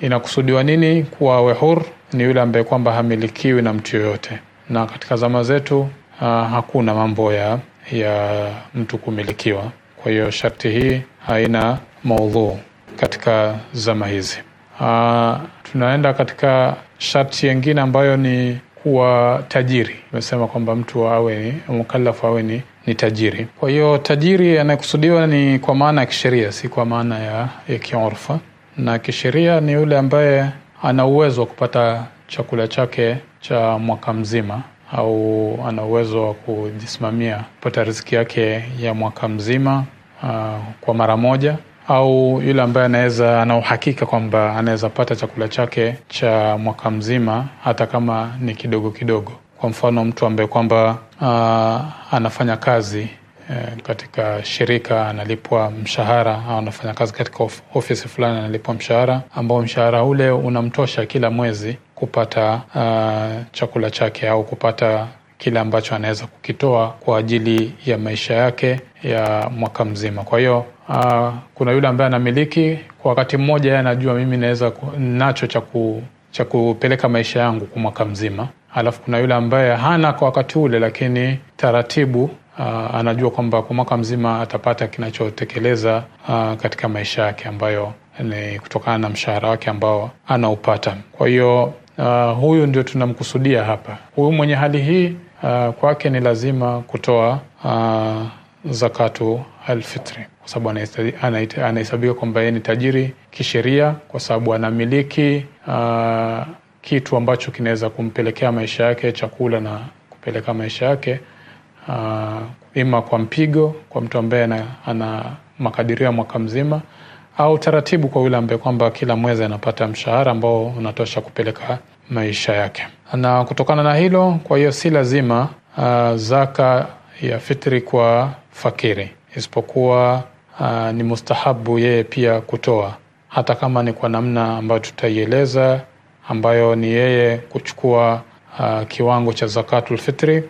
inakusudiwa nini kuwa awe hur? Ni yule ambaye kwamba hamilikiwi na mtu yoyote, na katika zama zetu uh, hakuna mambo ya ya mtu kumilikiwa. Kwa hiyo sharti hii haina maudhuu katika zama hizi. Uh, tunaenda katika sharti yengine ambayo ni kuwa tajiri. Imesema kwamba mtu awe mukalafu awe ni, ni tajiri. Kwa hiyo tajiri anayekusudiwa ni kwa maana ya kisheria, si kwa maana ya, ya kiurfa. Na kisheria ni yule ambaye ana uwezo wa kupata chakula chake cha mwaka mzima au ana uwezo wa kujisimamia kupata riziki yake ya mwaka mzima uh, kwa mara moja au yule ambaye anaweza ana uhakika kwamba anaweza pata chakula chake cha mwaka mzima hata kama ni kidogo kidogo. Kwa mfano mtu ambaye kwamba uh, anafanya kazi eh, katika shirika analipwa mshahara au anafanya kazi katika of, ofisi fulani analipwa mshahara ambao mshahara ule unamtosha kila mwezi kupata uh, chakula chake au kupata kile ambacho anaweza kukitoa kwa ajili ya maisha yake ya mwaka mzima. Kwa hiyo uh, kuna yule ambaye anamiliki kwa wakati mmoja, yeye anajua mimi naweza nacho cha ku cha kupeleka maisha yangu kwa mwaka mzima, alafu kuna yule ambaye hana kwa wakati ule, lakini taratibu Uh, anajua kwamba kwa mwaka mzima atapata kinachotekeleza uh, katika maisha yake ambayo ni kutokana na mshahara wake ambao anaupata. Kwa hiyo uh, huyu ndio tunamkusudia hapa. Huyu mwenye hali hii uh, kwake ni lazima kutoa uh, zakatu alfitri kwa sababu anahesabika kwamba yeye ni tajiri kisheria, kwa sababu anamiliki uh, kitu ambacho kinaweza kumpelekea maisha yake chakula na kupeleka maisha yake uh, ima kwa mpigo kwa mtu ambaye ana, ana makadirio ya mwaka mzima au taratibu kwa yule ambaye kwamba kila mwezi anapata mshahara ambao unatosha kupeleka maisha yake. Na kutokana na hilo, kwa hiyo si lazima uh, zaka ya fitri kwa fakiri, isipokuwa uh, ni mustahabu yeye pia kutoa, hata kama ni kwa namna ambayo tutaieleza, ambayo ni yeye kuchukua uh, kiwango cha zakatul fitri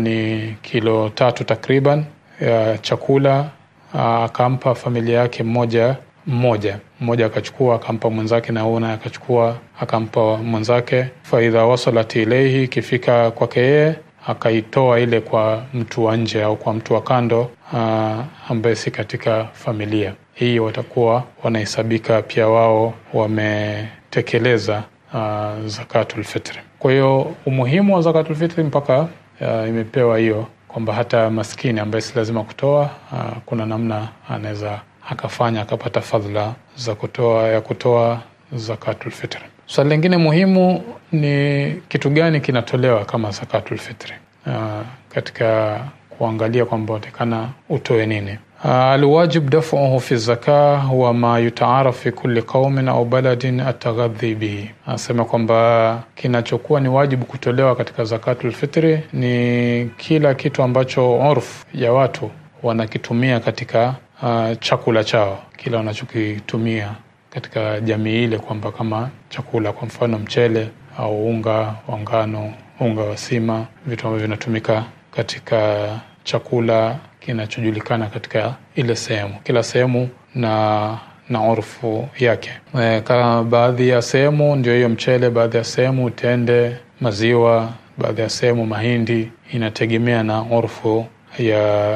ni kilo tatu takriban ya chakula ah, akampa familia yake mmoja mmoja mmoja, akachukua akampa mwenzake, na una akachukua akampa mwenzake. faidha wasalat ilaihi, ikifika kwake yeye akaitoa ile kwa mtu wa nje au kwa mtu wa kando ah, ambaye si katika familia hii, watakuwa wanahesabika pia wao wametekeleza ah, zakatulfitri Kwa hiyo umuhimu wa zakatulfitri mpaka uh, imepewa hiyo kwamba hata maskini ambaye si lazima kutoa uh, kuna namna anaweza akafanya akapata fadhila za kutoa ya kutoa zakatulfitri Swali so, lingine muhimu ni kitu gani kinatolewa kama zakatul fitri ah, katika kuangalia kwamba utakana utoe nini. Ah, alwajib dafuhu fi zaka wa ma yutaaraf fi kulli qaumin au baladin ataghadhi bihi, anasema kwamba kinachokuwa ni wajibu kutolewa katika zakatul fitri ni kila kitu ambacho urf ya watu wanakitumia katika uh, chakula chao, kila wanachokitumia katika jamii ile, kwamba kama chakula, kwa mfano mchele au unga wa ngano, unga wa sima, vitu ambavyo vinatumika katika chakula kinachojulikana katika ile sehemu. Kila sehemu na na orfu yake. E, kama baadhi ya sehemu ndio hiyo mchele, baadhi ya sehemu tende, maziwa, baadhi ya sehemu mahindi. Inategemea na orfu ya,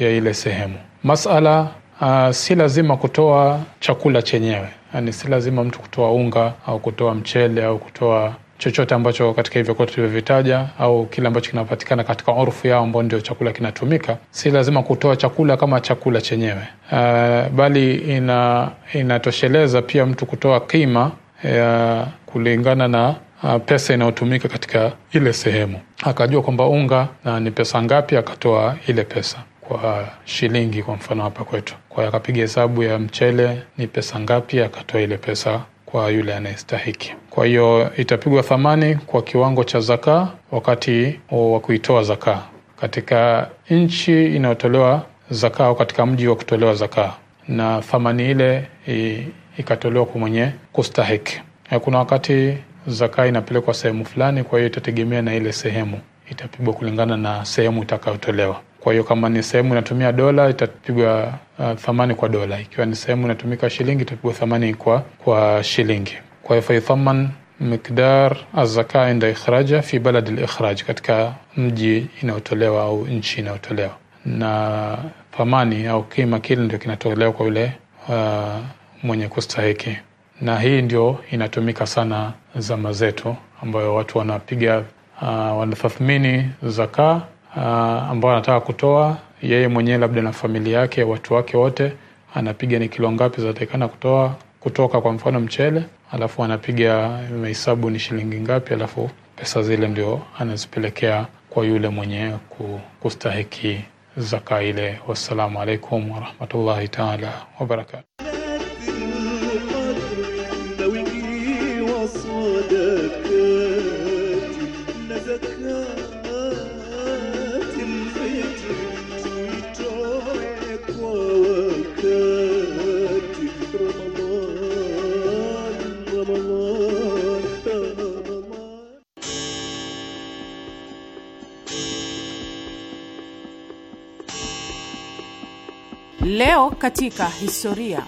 ya ile sehemu. Masala a, si lazima kutoa chakula chenyewe Yaani si lazima mtu kutoa unga au kutoa mchele au kutoa chochote ambacho katika hivyo kote tulivyovitaja au kile ambacho kinapatikana katika urfu yao ambao ndio chakula kinatumika, si lazima kutoa chakula kama chakula chenyewe. Uh, bali ina inatosheleza pia mtu kutoa kima ya eh, kulingana na ah, pesa inayotumika katika ile sehemu, akajua kwamba unga na ni pesa ngapi, akatoa ile pesa kwa shilingi, kwa mfano hapa kwetu. Kwa hiyo akapiga hesabu ya mchele ni pesa ngapi, akatoa ile pesa kwa yule anayestahiki. Kwa hiyo itapigwa thamani kwa kiwango cha zakaa wakati wa kuitoa zakaa katika nchi inayotolewa zakaa au katika mji wa kutolewa zakaa, na thamani ile ikatolewa kwa mwenye kustahiki. Kuna wakati zakaa inapelekwa sehemu fulani, kwa hiyo itategemea na ile sehemu, itapigwa kulingana na sehemu itakayotolewa. Kwa hiyo kama ni sehemu inatumia dola itapigwa uh, thamani kwa dola, ikiwa ni sehemu inatumika shilingi itapigwa thamani kwa, kwa shilingi. Kwa hiyo faithaman miqdar azaka inda ikhraja fi baladi likhraj, katika mji inayotolewa au nchi inayotolewa, na thamani au kima kile ndio kinatolewa kwa yule uh, mwenye kustahiki, na hii ndio inatumika sana zama zetu, ambayo watu wanapiga uh, wanatathmini zakaa uh, ah, ambao anataka kutoa yeye mwenyewe labda na familia yake watu wake wote anapiga ni kilo ngapi zinatakikana kutoa kutoka kwa mfano mchele alafu anapiga mahesabu ni shilingi ngapi alafu pesa zile ndio anazipelekea kwa yule mwenye kustahiki zaka ile wassalamu alaikum warahmatullahi taala wabarakatu Leo katika historia.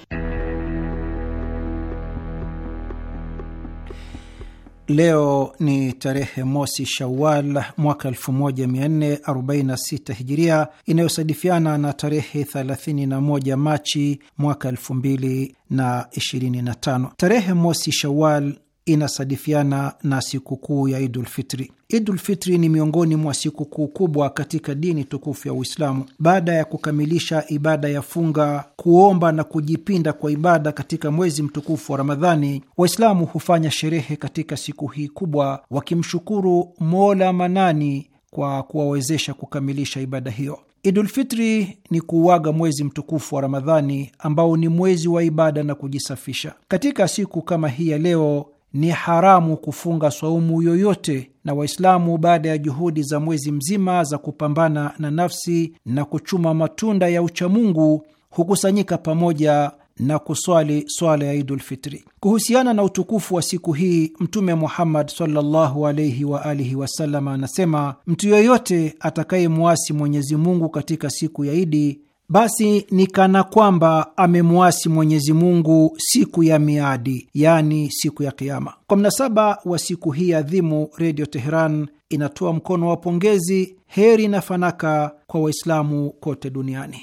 Leo ni tarehe mosi Shawal mwaka 1446 Hijiria, inayosadifiana na tarehe 31 Machi mwaka 2025. Tarehe mosi Shawal inasadifiana na sikukuu ya Idulfitri. Idulfitri ni miongoni mwa sikukuu kubwa katika dini tukufu ya Uislamu. Baada ya kukamilisha ibada ya funga, kuomba na kujipinda kwa ibada katika mwezi mtukufu wa Ramadhani, Waislamu hufanya sherehe katika siku hii kubwa, wakimshukuru Mola Manani kwa kuwawezesha kukamilisha ibada hiyo. Idulfitri ni kuuaga mwezi mtukufu wa Ramadhani ambao ni mwezi wa ibada na kujisafisha. Katika siku kama hii ya leo ni haramu kufunga swaumu yoyote, na Waislamu baada ya juhudi za mwezi mzima za kupambana na nafsi na kuchuma matunda ya uchamungu hukusanyika pamoja na kuswali swala ya Idulfitri. Kuhusiana na utukufu wa siku hii, Mtume Muhammad sallallahu alaihi wa alihi wasallam anasema, mtu yoyote atakayemwasi Mwenyezi Mungu katika siku ya Idi basi ni kana kwamba amemwasi Mwenyezi Mungu siku ya miadi, yaani siku ya Kiama. Kwa mnasaba wa siku hii adhimu, Redio Teheran inatoa mkono wa pongezi, heri na fanaka kwa Waislamu kote duniani.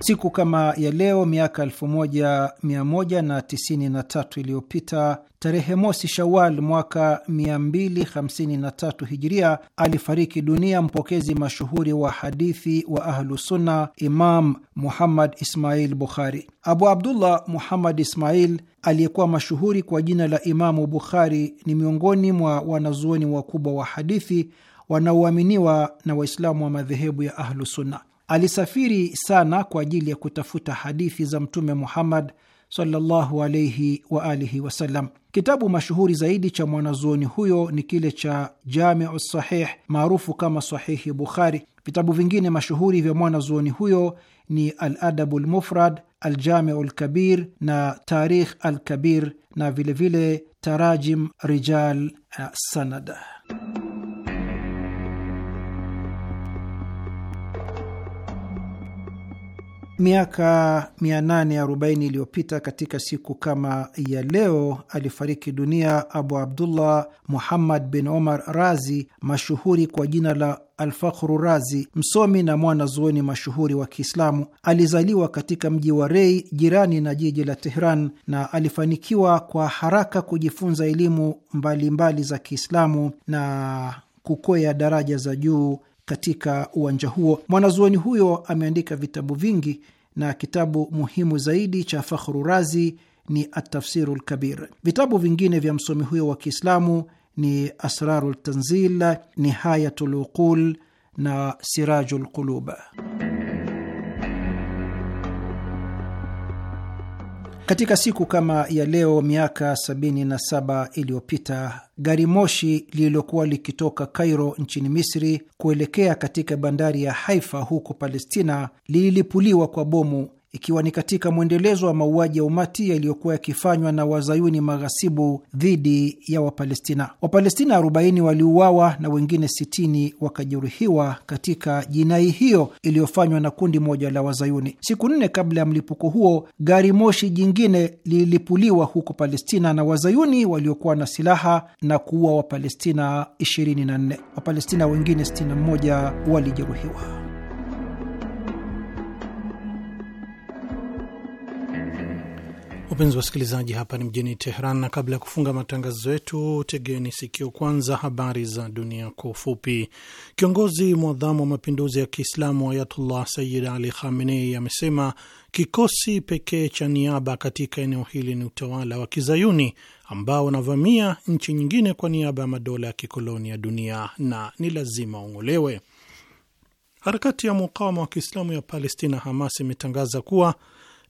Siku kama ya leo miaka 1193 iliyopita, tarehe mosi Shawal mwaka 253 Hijiria, alifariki dunia mpokezi mashuhuri wa hadithi wa Ahlusunna, Imam Muhammad Ismail Bukhari. Abu Abdullah Muhammad Ismail aliyekuwa mashuhuri kwa jina la Imamu Bukhari ni miongoni mwa wanazuoni wakubwa wa hadithi wanaoaminiwa na Waislamu wa madhehebu ya Ahlusunna. Alisafiri sana kwa ajili ya kutafuta hadithi za Mtume Muhammad sallallahu alayhi wa alihi wasallam. Kitabu mashuhuri zaidi cha mwanazuoni huyo ni kile cha Jamiu Sahih maarufu kama Sahihi Bukhari. Vitabu vingine mashuhuri vya mwanazuoni huyo ni Aladabu Lmufrad, Aljamiu Lkabir na Tarikh Alkabir na vilevile vile Tarajim Rijal Sanada. Miaka 840 iliyopita katika siku kama ya leo alifariki dunia Abu Abdullah Muhammad bin Omar Razi, mashuhuri kwa jina la Alfakhru Razi, msomi na mwanazuoni mashuhuri wa Kiislamu. Alizaliwa katika mji wa Rei, jirani na jiji la Tehran, na alifanikiwa kwa haraka kujifunza elimu mbalimbali za Kiislamu na kukwea daraja za juu katika uwanja huo. Mwanazuoni huyo ameandika vitabu vingi na kitabu muhimu zaidi cha Fakhru Razi ni Atafsiru Lkabir. Vitabu vingine vya msomi huyo wa Kiislamu ni Asraru Ltanzil, Nihayatu Luqul na Siraju Lqulub. Katika siku kama ya leo miaka 77 iliyopita gari moshi lililokuwa likitoka cairo nchini Misri kuelekea katika bandari ya Haifa huko Palestina lililipuliwa kwa bomu ikiwa ni katika mwendelezo wa mauaji ya umati yaliyokuwa yakifanywa na wazayuni maghasibu dhidi ya Wapalestina. Wapalestina 40 waliuawa na wengine 60 wakajeruhiwa katika jinai hiyo iliyofanywa na kundi moja la wazayuni. Siku nne kabla ya mlipuko huo, gari moshi jingine lilipuliwa huko Palestina na wazayuni waliokuwa na silaha na kuua Wapalestina 24. Wapalestina wengine 61 walijeruhiwa. Wapenzi wasikilizaji, hapa ni mjini Teheran, na kabla ya kufunga matangazo yetu, tegeni sikio kwanza habari za dunia kwa ufupi. Kiongozi mwadhamu wa mapinduzi ya Kiislamu Ayatullah Sayyid Ali Khamenei amesema kikosi pekee cha niaba katika eneo hili ni utawala wa kizayuni ambao unavamia nchi nyingine kwa niaba ya madola ya kikoloni ya dunia na ni lazima ungolewe Harakati ya mukawama wa Kiislamu ya Palestina Hamas imetangaza kuwa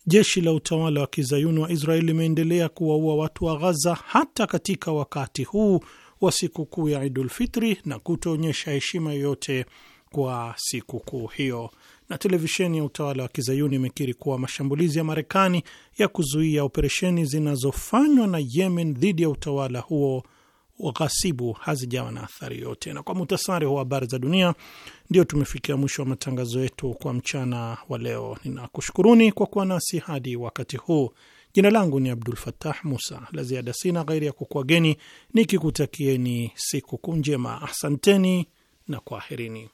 Jeshi la utawala wa kizayuni wa Israeli limeendelea kuwaua watu wa Ghaza hata katika wakati huu wa sikukuu ya Idulfitri na kutoonyesha heshima yoyote kwa sikukuu hiyo. Na televisheni ya utawala wa kizayuni imekiri kuwa mashambulizi ya Marekani ya kuzuia operesheni zinazofanywa na Yemen dhidi ya utawala huo ghasibu hazijawa na athari yote. Na kwa muhtasari wa habari za dunia, ndio tumefikia mwisho wa matangazo yetu kwa mchana wa leo. Ninakushukuruni kwa kuwa nasi hadi wakati huu. Jina langu ni Abdul fatah Musa. La ziada sina ghairi ya geni nikikutakieni siku kuu njema. Asanteni na kwaherini.